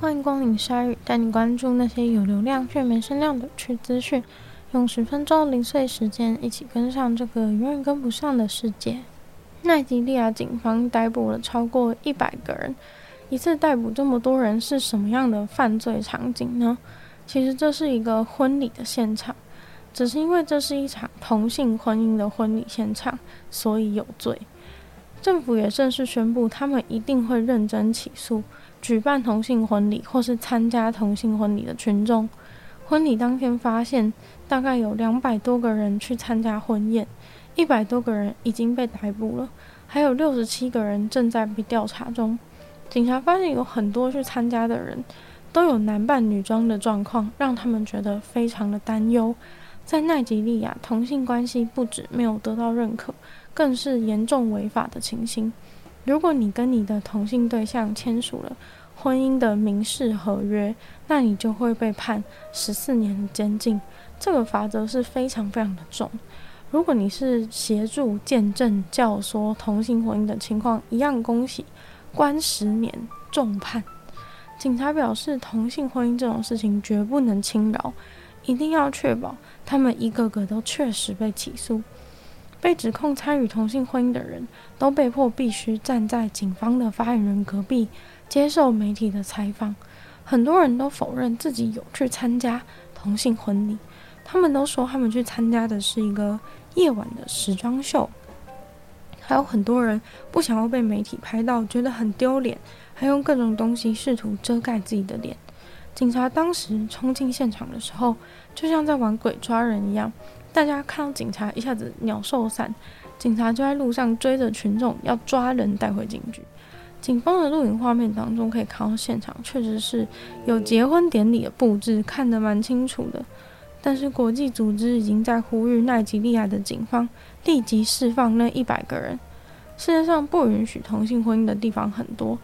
歡迎光臨鯊語，帶你關注那些有流量卻沒聲量的趣資訊。用十分鐘零碎時間，一起跟上這個永遠跟不上的世界。奈及利亞警方逮捕了超過一百個人。一次逮捕這麼多人是什麼樣的犯罪場景呢？其實這是一個婚禮的現場，只是因為這是一場同性婚姻的婚禮現場，所以有罪。政府也正式宣布，他們一定會認真起訴。舉辦同性婚禮或是參加同性婚禮的群眾，婚禮當天發現，大概有兩百多個人去參加婚宴，一百多個人已經被逮捕了，還有六十七個人正在被調查中。警察發現有很多去參加的人都有男扮女裝的狀況，讓他們覺得非常的擔憂。在奈及利亞，同性關係不止沒有得到認可，更是嚴重違法的情形。如果你跟你的同性對象簽署了婚姻的民事合約，那你就會被判十四年監禁。這個罰則是非常非常的重。如果你是協助、見證、教唆同性婚姻的情況，一樣恭喜，關十年重判。警察表示，同性婚姻這種事情絕不能輕饒，一定要確保他們一個個都確實被起訴。被指控參與同性婚姻的人都被迫必須站在警方的發言人隔壁接受媒體的採訪。很多人都否認自己有去參加同性婚禮，他們都說他們去參加的是一個夜晚的時裝秀。還有很多人不想要被媒體拍到，覺得很丟臉，還用各種東西試圖遮蓋自己的臉。警察當時衝進現場的時候，就像在玩鬼抓人一樣。大家看到警察一下子鳥獸散，警察就在路上追着群眾要抓人帶回警局。警方的錄影畫面當中可以看到現場確實是有結婚典禮的佈置，看得蠻清楚的。但是國際組織已經在呼籲奈及利亞的警方立即釋放那一百個人。世界上不允許同性婚姻的地方很多。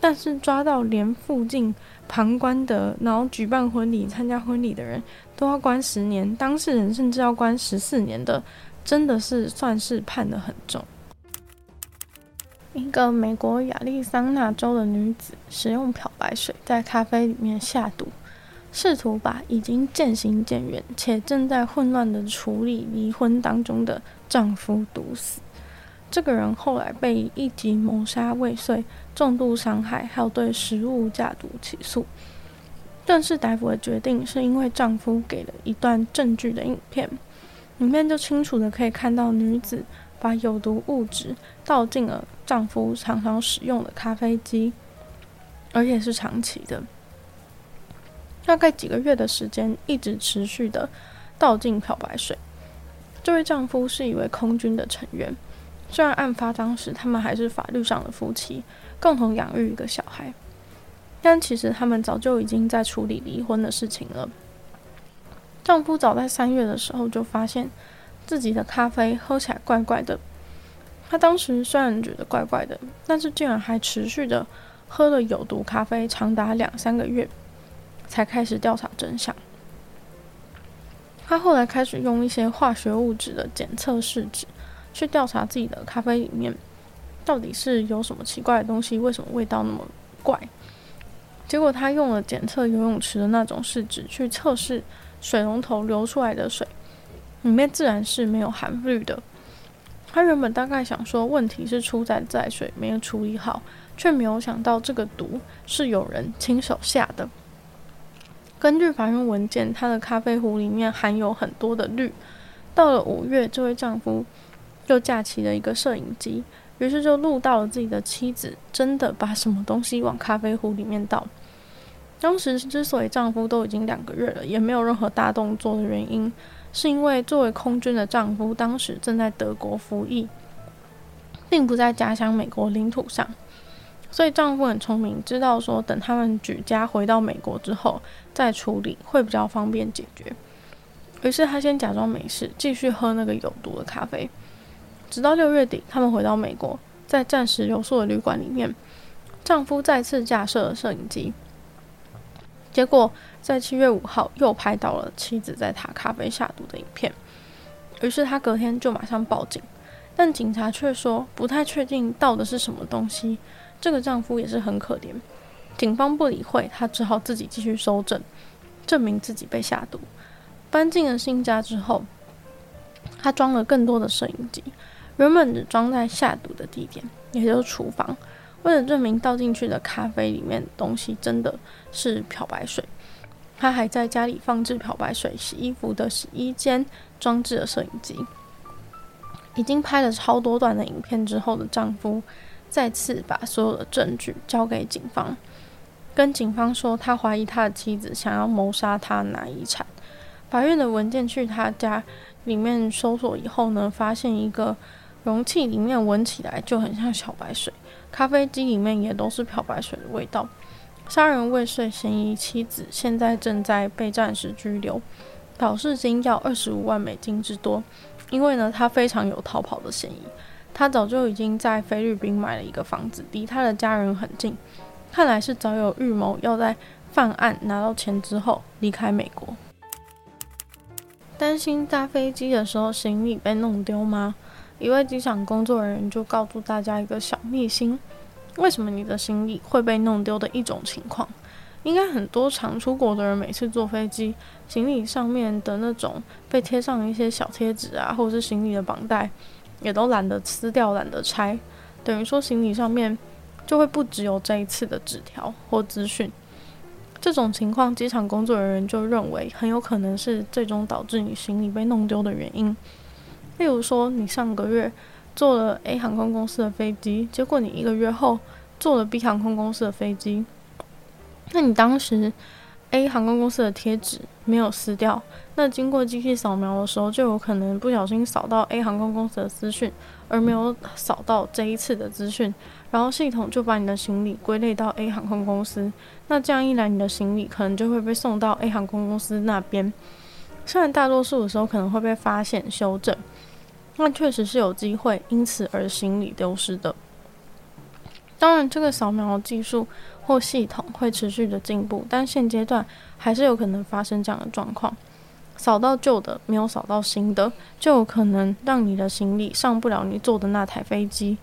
但是抓到連附近旁觀的，然後舉辦婚禮、參加婚禮的人都要關十年，當事人甚至要關十四年的，真的是算是判得很重。一個美國亞利桑那州的女子使用漂白水在咖啡裡面下毒，試圖把已經漸行漸遠且正在混亂的處理離婚當中的丈夫毒死。這個人後來被一級謀殺未遂、重度傷害，還有對食物下毒起訴。但是逮捕的決定是因為丈夫給了一段證據的影片，裡面就清楚的可以看到女子把有毒物質倒進了丈夫常常使用的咖啡機，而且是長期的，大概幾個月的時間一直持續的倒進漂白水。這位丈夫是一位空軍的成員。雖然案發當時他們還是法律上的夫妻，共同養育一個小孩，但其實他們早就已經在處理離婚的事情了。丈夫早在三月的時候就發現自己的咖啡喝起來怪怪的，他當時雖然覺得怪怪的，但是竟然還持續的喝了有毒咖啡長達兩三個月，才開始調查真相。他後來開始用一些化學物質的檢測試紙。去調查自己的咖啡裡面到底是有什麼奇怪的東西，為什麼味道那麼怪？結果他用了檢測游泳池的那種試紙去測試水龍頭流出來的水，裡面自然是沒有含氯的。他原本大概想說，問題是出在自來水沒有處理好，却沒有想到這個毒是有人親手下的。根據法院文件，他的咖啡壺裡面含有很多的氯。到了五月，這位丈夫，就架起了一個攝影機，於是就錄到了自己的妻子真的把什麼東西往咖啡壺裡面倒。當時之所以丈夫都已經兩個月了，也沒有任何大動作的原因，是因為作為空軍的丈夫，當時正在德國服役，並不在家鄉美國領土上。所以丈夫很聰明，知道說等他們舉家回到美國之後再處理會比較方便解決。於是他先假裝沒事，繼續喝那個有毒的咖啡。直到六月底，他們回到美國，在暫時留宿的旅館裡面，丈夫再次架設了攝影機，結果在七月五號又拍到了妻子在他咖啡下毒的影片。於是他隔天就馬上報警，但警察卻說不太確定倒的是什麼東西。這個丈夫也是很可憐，警方不理會他，只好自己繼續搜證，證明自己被下毒。搬進了新家之後，他裝了更多的攝影機。原本只裝在下毒的地點，也就是廚房。為了證明倒進去的咖啡裡面的東西真的是漂白水，她還在家裡放置漂白水洗衣服的洗衣間裝置了攝影機，已經拍了超多段的影片。之後的丈夫再次把所有的證據交給警方，跟警方說他懷疑他的妻子想要謀殺他拿遺產。法院的文件去他家裡面搜索以後呢，發現一個。容器裡面聞起來就很像小白水，咖啡機裡面也都是漂白水的味道。殺人未遂嫌疑妻，妻子現在正在被暫時拘留，保釋金要二十五萬美金之多，因為呢他非常有逃跑的嫌疑，他早就已經在菲律賓買了一個房子，離他的家人很近，看來是早有預謀要在犯案拿到錢之後離開美國。擔心搭飛機的時候行李被弄丟嗎？一位機場工作人員就告訴大家一個小秘辛：為什麼你的行李會被弄丟的一種情況，應該很多常出國的人每次坐飛機，行李上面的那種被貼上一些小貼紙啊，或者是行李的綁帶，也都懶得撕掉、懶得拆，等於說行李上面就會不只有這一次的紙條或資訊。這種情況，機場工作人員就認為很有可能是最終導致你行李被弄丟的原因。例如說，你上個月坐了 A 航空公司的飛機，結果你一個月後坐了 B 航空公司的飛機。那你當時 A 航空公司的貼紙沒有撕掉，那經過機器掃描的時候，就有可能不小心掃到 A 航空公司的資訊，而沒有掃到這一次的資訊，然後系統就把你的行李歸類到 A 航空公司。那這樣一來，你的行李可能就會被送到 A 航空公司那邊。雖然大多數的時候可能會被發現修正。那確實是有機會因此而行李丟失的。當然，這個掃描技術或系統會持續的進步，但現階段還是有可能發生這樣的狀況。掃到舊的，沒有掃到新的，就有可能讓你的行李上不了你坐的那台飛機。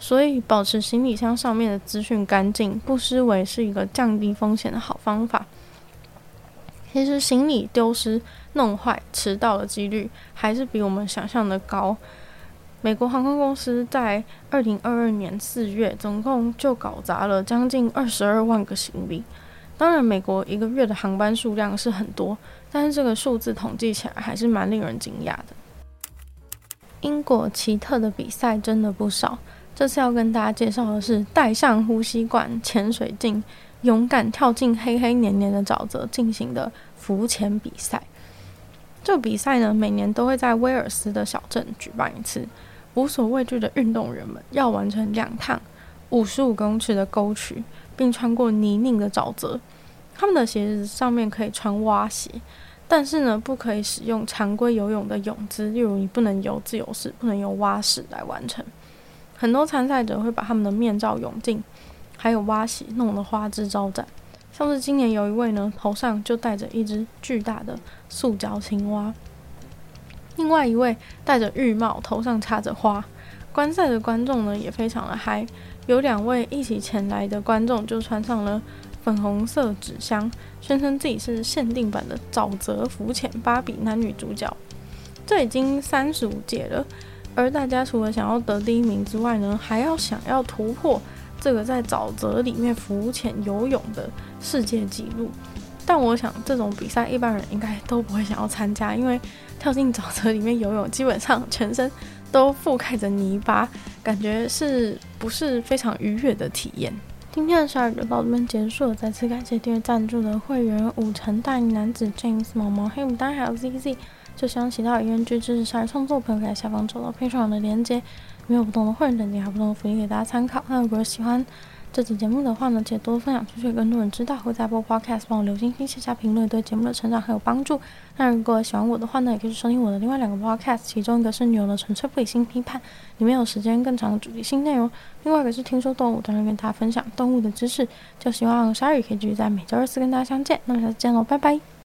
所以，保持行李箱上面的資訊乾淨，不失為是一個降低風險的好方法。其實行李丟失、弄壞、遲到的幾率還是比我們想象的高。美國航空公司在二零二二年四月總共就搞砸了將近二十二萬個行李。當然，美國一個月的航班數量是很多，但是這個數字統計起來還是蠻令人驚訝的。英國奇特的比賽真的不少，這次要跟大家介紹的是戴上呼吸管、潛水鏡。勇敢跳進黑黑黏黏的沼澤進行的浮潛比賽，這個比賽呢，每年都會在威爾斯的小鎮舉辦一次。無所畏懼的運動人們要完成兩趟五十五公尺的溝渠，並穿過泥濘的沼澤。他們的鞋子上面可以穿蛙鞋，但是呢，不可以使用常規游泳的泳姿，例如你不能游自由式，不能游蛙式來完成。很多參賽者會把他們的面罩、泳鏡。還有蛙鞋弄得花枝招展，像是今年有一位呢，頭上就戴着一隻巨大的塑膠青蛙；另外一位戴着浴帽，頭上插着花。觀賽的觀眾呢也非常的嗨，有兩位一起前來的觀眾就穿上了粉紅色紙箱，宣稱自己是限定版的沼澤浮潛芭比男女主角。這已經三十五屆了，而大家除了想要得第一名之外呢，還要想要突破。這個在沼澤裡面浮潛游泳的世界紀錄，但我想這種比賽一般人應該都不會想要參加，因為跳進沼澤裡面游泳，基本上全身都覆蓋着泥巴，感覺是不是非常愉悅的體驗？今天的鯊語就到這邊結束了，再次感謝訂閱贊助的會員五成大衣男子 James 毛毛、黑牡丹、還有 Z Z，就想起到一人一句支持鯊魚創作，可，可以在下方找到 Patreon 的連接。沒有不同的等級還有不同的福利給大家參考。那如果喜歡這期節目的話呢，記得多多分享出去，讓更多人知道。會在播 podcast 幫我留星星寫下，下評論，對節目的成長很有幫助。那如果喜歡我的話呢，也可以去收聽我的另外兩個 podcast，其中一個是《女友的純粹不理性批判》，裡面有時間更長的主題性內容，另外一個是《聽說動物》，當然跟大家分享動物的知識。就希望鯊魚可以繼續在每週二四跟大家相見。那麼，下次見嘍，拜拜。